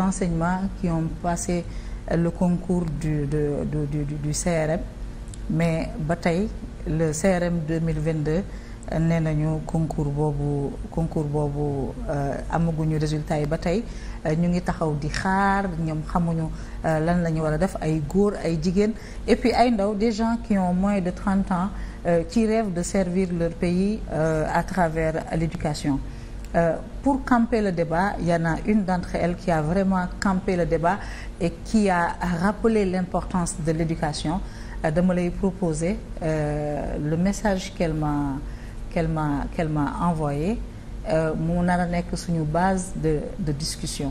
d'enseignement qui ont passé euh, le concours du de du du du CRM mais ba tey le CRM 2022 euh, nee nañu concours boobu concours boobu euh, amaguñu résultats yi ba tey ñu ngi taxaw di xaar ñoom xamuñu lan la ñu war a def ay góor ay jigéen et puis ay ndaw des gens qui ont moins de trente ans ci rêvent de servir leur pays à travers l'éducation Euh, pour camper le débat, il y a une d'entre elles qui a vraiment campé le débat et qui a rappelé l'importance de l'éducation. Euh, de me lui proposer euh, le message qu'elle m'a qu'elle m'a qu'elle m'a envoyé euh, mu nar a nekk suñu base de de discussion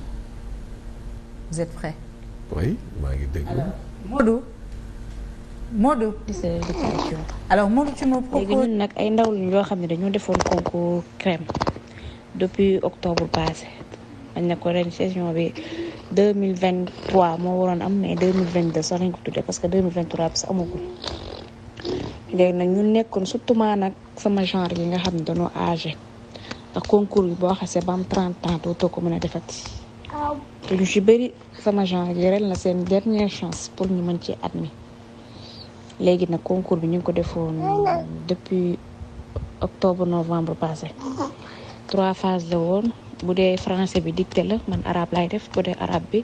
vous êtes prêts? oui maa ngi alors Modou tu me proposes ay ndaw lañ yoo xam ne dañoo defoon concours crème. depuis octobre passé dañ ne ko ren session bi deux mille vingt trois moo waroon am mais deux mille vingt deux sax lañ ko tuddee parce que deux mille vingt trois bi sax amagul léegi nag ñu nekkoon surtout maa nag sama genre yi nga xam ne dañoo âgé ndax concours yi boo xasee ba am trente ans dootoo ko mën a defati te ñu bëri sama genre yi la seen dernière chance pour ñu mën ci admis léegi nag concours bi ñu ngi ko defoon depuis octobre novembre passé trois phases la woon bu dee français bi dicté la man arabe lay def bu dee arabe bi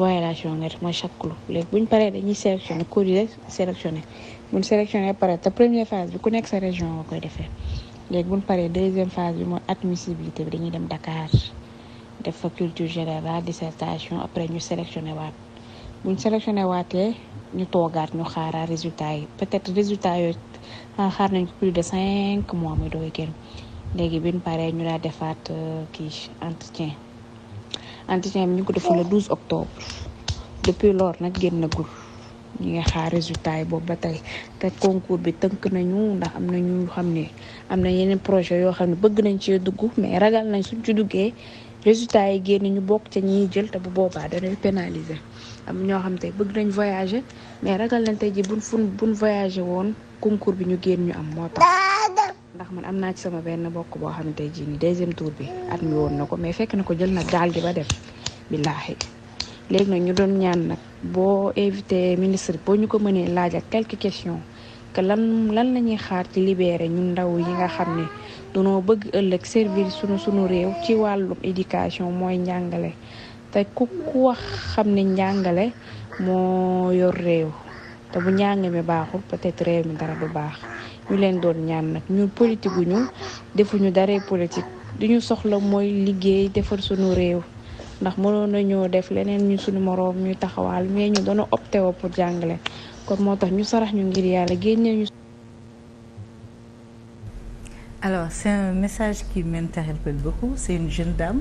violation nga def mooy chaque groupe léegi bu ñu paree dañuy sélectionné cours yi sélectionné bu ñu sélectionné pare te première phase bi ku nekk sa région nga defee léegi bu paree deuxième phase bi mooy admissibilité dañuy dem Dakar def fa culture générale dissertation après ñu sélectionné waat bu ñu sélectionné waatee ñu toogaat ñu xaaraa résultat yi peut-être résultat yooyu ah, xaar nañ ko de cinq mois muy doog a léegi bi pare ñu daa defaat euh, kii entretien entretien bi ñu ko defoon le octobre depuis lors nag génnagul ñu ngi xaar résultat yi boobu ba tey te concours bi tënk nañu ndax am na ñu xam ne am na yeneen projet yoo xam ne bëgg nañ ci dugg mais ragal nañ suñ ci duggee résultat yi génn ñu bokk ca ñiy jël te bu boobaa dañuy pénaliser am ñoo xam te bëgg nañ voyager mais ragal nañ tey ji buñ fun buñ voyager woon concours bi ñu génn ñu am moo tax ndax man am naa ci sama benn bokk boo xam ne tey jii nii deuxième tour bi at mi woon na ko mais fekk na ko jël na gaal gi ba dem billaahi léegi nag ñu doon ñaan nag boo invité ministre boo ñu ko mënee laaj ak quelques question que lan lan la ñuy xaar ci libéré ñun ndaw yi nga xam ne danoo bëgg ëllëg servir sunu sunu réew ci wàllum éducation mooy njàngale te ku ku wax xam ne njàngale moo yor réew te bu njàng mi baaxul peut-être réew mi dara du baax. ñu leen doon ñaan nag ñun politique gu ñu defuñu daree politique li ñu soxla mooy liggéey defal suñu réew ndax mënoon nañoo def leneen ñu suñu moroom ñuy taxawaal mais ñu doon opté woo pour jàngale kon moo tax ñu sarax ñu ngir yàlla génne ñu. alors c'est un message qui m'interpelle beaucoup c'est une jeune dame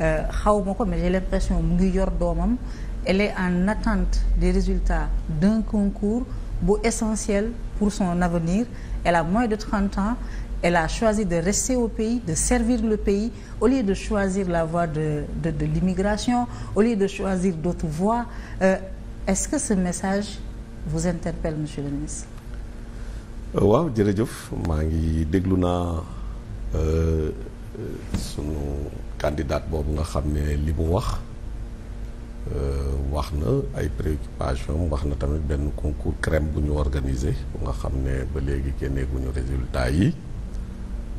euh, xaw ma ko mais j'ai mu ngi yor doomam elle en attente des résultats d'un concours bu essentiel pour son avenir. elle a moins de 30 ans, elle a choisi de rester au pays, de servir le pays, au lieu de choisir la voie de, de, de l'immigration, au lieu de choisir d'autres voies. Euh, Est-ce que ce message vous interpelle, monsieur le ministre euh, waaw jërëjëf maa ngi déglu naa euh, euh, sunu candidat boobu nga xam ne li mu wax Euh, wax na ay préoccupations wax na tamit benn concours crème bu ñu organisé bu nga xam ne ba léegi génneeguñu résultat yi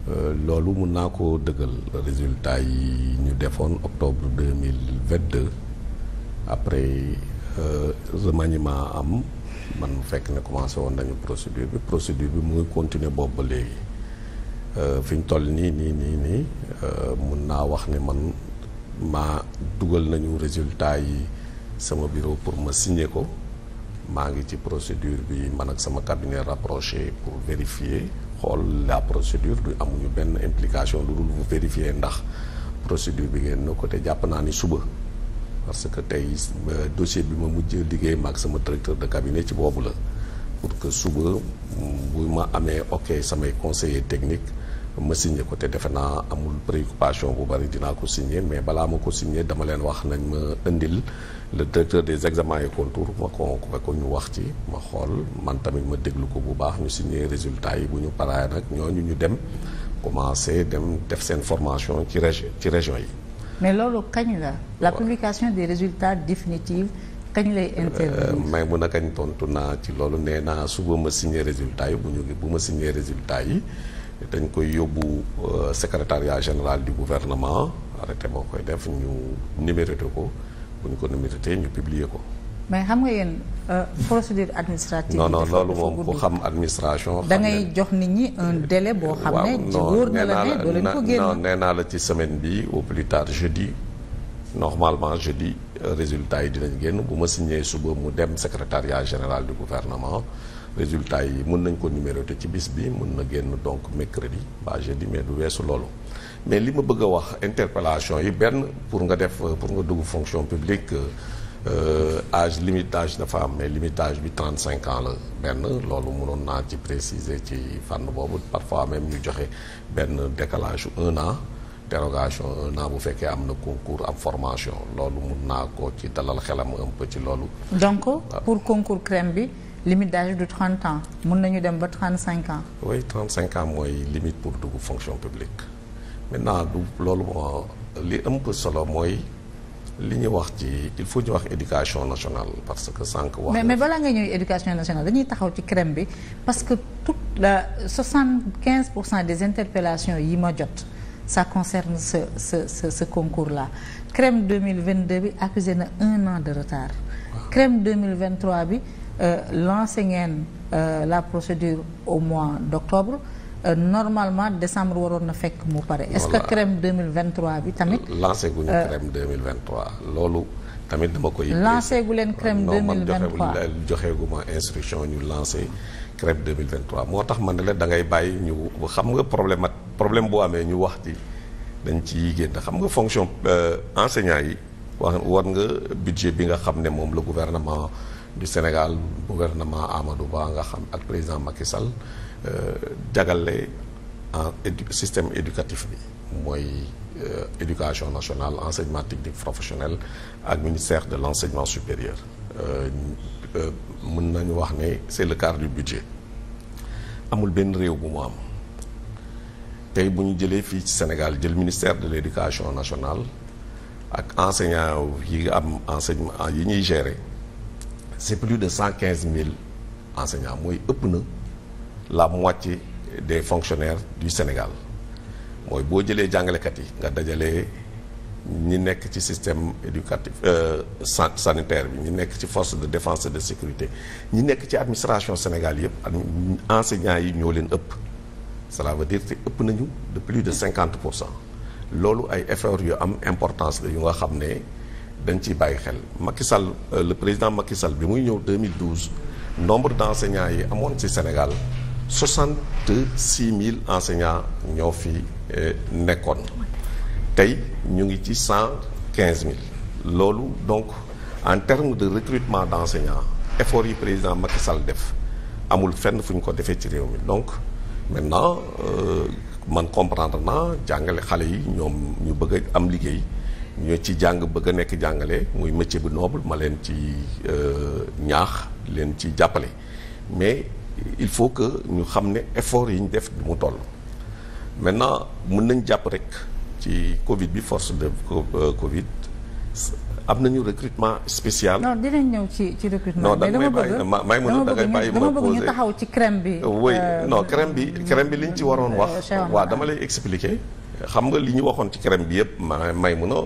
euh, loolu mun naa ko dëggal résultat yi ñu defoon octobre deux mille vingt deux après euh, remaniement am man mu fekk ne commencé woon nañu procédure bi procédure bi mu ngi continuer boobu ba léegi fi ñu toll nii nii nii nii mun naa wax ne man. ma dugal nañu résultat yi sama bureau pour ma signer ko maa ngi ci procédure bi man ak sama cabinet rapproché pour vérifier xool la procédure du amuñu benn implication lu dul vous vérifier ndax procédure bi ngeen na ko te jàpp naa ni suba parce que tey euh, dossier bi ma mujj liggéey maag sama directeur de cabinet ci boobu la pour que suba bu ma amee ok samay conseiller technique ma signé ko te defe naa amul préoccupation bu bari dinaa ko signé mais balaa ma ko signé dama leen wax nañ ma indil le directeur des examens et concours ma convoqué ko ñu wax ci ma xool man tamit ma déglu ko bu baax ñu signé résultat yi bu ñu paree nag ñooñu ñu dem commencé dem def seen formation ci région ci région yi. mais loolu kañ la. la publication des résultats définitifs kañ lay euh, intervenir. may mun a kañ tontu naa ci loolu nee naa suba ma signé résultat yi bu ñu bu ma signé résultat yi. dañ koy yóbbu euh, secrétariat général du gouvernement arrêté boo koy def ñu numéroté ko bu ñu ko numéroté ñu publier ko. mais xam nga yéen euh, procédure administrative. no non loolu moom ku xam administration. da jox nit ñi un délai boo. xam ne ci wóor na la ne doo leen ko génn. nee naa la ci semaine bi au plus tard jeudi normalement jeudi euh, résultat yi dinañ génn bu ma signé suba mu dem secretariat général du gouvernement. résultat yi mën nañ ko numéroter ci bis bi mën na génn donc mercredi ba jeudi mais du weesu loolu mais li ma bëgg a wax interpellation yi benn pour nga def pour nga dugg fonction publique euh, âge limitage dafa am limitage bi 35 cinquant la benn loolu mënoon naa ci préciser ci fànn boobu parfois même ñu joxe benn décalage un an dérogation un an bu fekkee am na concours am formation loolu mun naa ko ci dalal xelam un ci loolu. donc ah. pour concours crème limite d'âge du 30 ans mun nañu dem ba 35 ans. oui 35 ans mooy limite pour dugg fonction publique maintenant du loolu moo li ëmb solo mooy li ñu wax ci il faut ñu wax éducation nationale parce que sànq. wax mais mais balaa nga ñëw éducation nationale dañuy taxaw ci crème bi parce que toute la 75 pour cent des interpellations yi ma jot. sa concerne ce ce ce, ce concours là CREM 2022 bi accusé na un an de retard. CREM bi Euh, lancé ngeen euh, la procédure au mois d'octobre euh, normalement décembre waroon na fekk mu pare. est-ce que CREM 2023 bi tamit. lancé guñu CREM 2023 loolu. tamit dama koy. lancé gu leen CREM 2023 man joxe gu ma instruction ñu lancé CREM 2023 moo tax ma ne la da ngay bàyyi ñu xam nga problème at problème boo amee ñu wax ci dañ ciy génn xam nga fonction enseignant yi wax war nga budget bi nga xam ne moom le gouvernement. du Sénégal gouvernement Amadou Ba nga xam ak président Macky Sall euh, jagale en système éducatif bi mooy euh, éducation nationale enseignement technique professionnel ak ministère de l' enseignement supérieur euh, mën nañu wax ne c' est le quart du budget amul benn réew bu mu am tey bu ñu jëlee fii ci Sénégal jël ministère de l' éducation nationale ak enseignant yi am enseignement yi ñuy gérer c'est plus de cent quinze mille enseignants mooy ëpp na la moitié des fonctionnaires du Sénégal mooy boo jëlee jàngalekat yi nga dajalee ñi nekk ci système éducatif euh, sanitaire bi ñi nekk ci force de défense et de sécurité ñi nekk ci administration Sénégal yëpp enseignants yi ñoo leen ëpp cela veut dire que ëpp nañu de plus de cinquante pour cent loolu ay efforts yu am importance la yu nga xam ne dañ ci bàyyi xel Macky Sall euh, le président Macky Sall bi muy ñëw 2012 nombre d' enseignants yi amoon ci Sénégal 66 000 enseignants ñoo fi euh, nekkoon tey ñu ngi ci 115 000 loolu donc en termes de recrutement d' enseignants effort yi président Macky Sall def amul fenn fu ñu ko defee ci réew mi donc maintenant euh, man comprendre naa jàngale xale yi ñoom ñu bëgg am liggéey. ñu ci jàng bëgg a nekk jàngale muy métier bu noobu ma leen ci euh, ñaax leen ci jàppale mais il faut que ñu xam ne effort yi ñu def mu toll. maintenant mën nañ jàpp rek ci Covid bi force de euh, Covid am nañu recrutement spécial. non dinañ ñëw ci ci recrutement. mais dama may mën da ngay bàyyi ma posé ñu taxaw ci crème bi. oui euh, non crème bi crème bi liñ ci waroon wax. waaw dama lay expliquer. xam nga li ñu waxoon ci crème bi yëpp may may mën a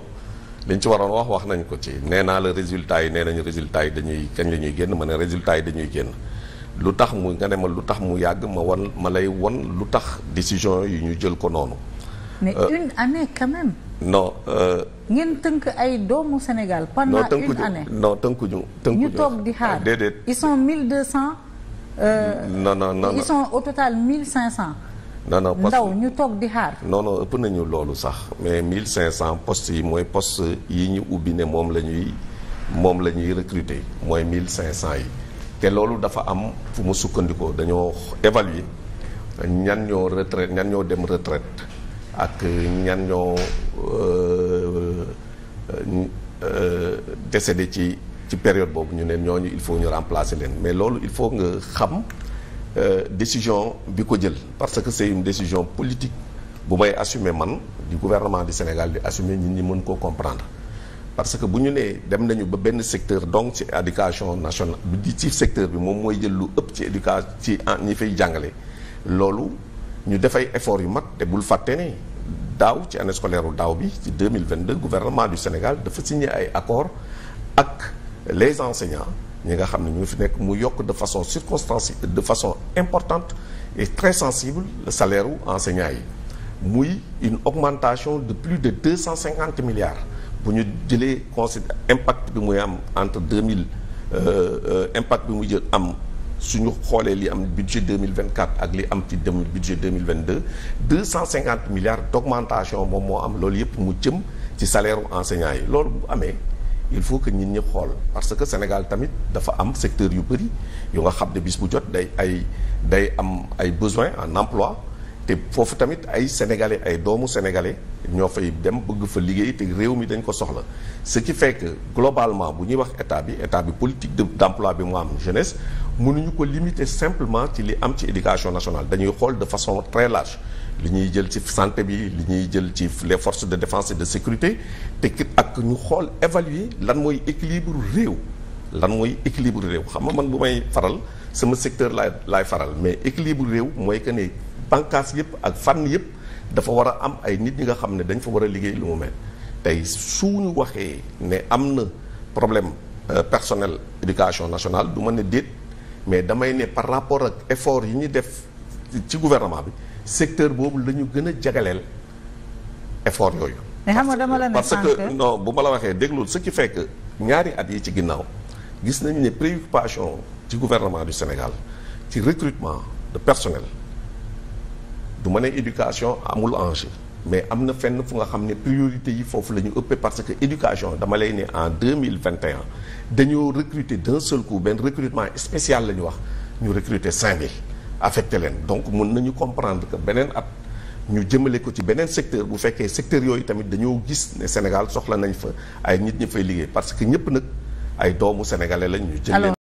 li ñu ci waroon wax wax nañ ko ci nee naa la résultat yi nee nañu résultat yi dañuy kañ la ñuy génn ma ne résultat yi dañuy génn lu tax mu nga ne ma lu tax mu yàgg ma wan ma lay won lu tax décision yu ñu jël ko noonu. mais euh, une année quand même. non. Euh, ngeen tënk ay doomu Sénégal. pendant une année non tënkuñu tënkuñu. ñu toog di xaar déedéet. ils sont 1200. Euh, non non non ils sont au total non non parce que ndaw ñu toog di xaar. non ëpp nañu loolu sax mais mille cinq cent postes yi mooy poste yi ñu ubbi ne moom la ñuy moom la ñuy recruter mooy cent yi. te loolu dafa am fu mu sukkandikoo dañoo évaluer ñan ñoo retraite ñan ñoo dem retraite ak ñan ñoo euh, euh, décédé ci ci période boobu ñu ne ñu il faut ñu remplacer leen mais loolu il faut nga xam. Euh, décision bi ko jël parce que c'est une décision politique bu may assumer man di gouvernement du Sénégal di assumer ñun ñi mën koo comprendre parce que bu ñu nee dem nañu ba benn secteur donc ci éducation nationale bi ci secteur bi moom mooy jël lu ëpp ci éducation ci ñi fay jàngale loolu ñu defay effort yu mag te bul fàtte ne daaw ci année scolaire u daaw bi ci 2022 gouvernement du Sénégal dafa signé ay accord ak les enseignants ñi nga xam ne ñoo fi nekk mu yokk de façon circonstance de façon importante et très sensible le salaire yi muy une augmentation de plus de deux cent cinquante milliards bu ñu jëlee considère impact bi muy am entre deux mille euh, impact bi mu jël am suñu xoolee li am budget deux mille vingt quatre ak li am ci dem budget deux mille vingt deux deux cent cinquante milliards d' moom moo am loolu yëpp mu jëm ci salaire u yi loolu bu amee il faut que nit ñi xool parce que Sénégal tamit dafa am secteur yu bëri yu nga xam ne bis bu jot day ay day am ay besoin en emploi te foofu tamit ay sénégalais ay doomu sénégalais ñoo fay dem bëgg fa liggéey te réew mi dañ ko soxla ce qui fait que globalement bu ñuy wax état bi état bi politique de d'emploi bi mu am jeunesse mënuñu ko limiter simplement ci li am ci éducation nationale dañuy xool de façon très large li ñuy jël ci santé bi li ñuy jël ci les forces de défense et de sécurité te ak ñu xool évaluer lan mooy équilibre réew lan mooy équilibre réew xam nga man bu may faral sama secteur laay laay faral mais équilibre réew mooy que ne bànqaas yëpp ak fan yëpp dafa war a am ay nit ñi nga xam ne dañ fa war a liggéey lu mu mel tey su suñu waxee ne am na problème euh, personnel éducation nationale du ma ne déet mais damay ne par rapport ak effort yi ñu def ci gouvernement bi secteur boobu la gën a jagaleel effort yooyu. parce que non bu ma la waxee déglul ce ci fekk ñaari at yi ci ginnaaw gis nañu ne préoccupation ci gouvernement du Sénégal ci recrutement de personnel du ma ne éducation amul enjeu mais am na fenn fu nga xam ne priorité yi foofu la ñu ëppee parce que éducation dama lay ne en deux mille vingt et dañoo recruter d'un seul coup benn recrutement spécial la ñu wax ñu recruter cinq mille affecté leen donc mën nañu comprendre que beneen at ñu jëmale ko ci beneen secteur bu fekkee secteur yooyu tamit dañoo gis ne Sénégal soxla nañ fa ay nit ñi fay liggéey parce que ñëpp nag ay doomu sénégalais lañ ñu jël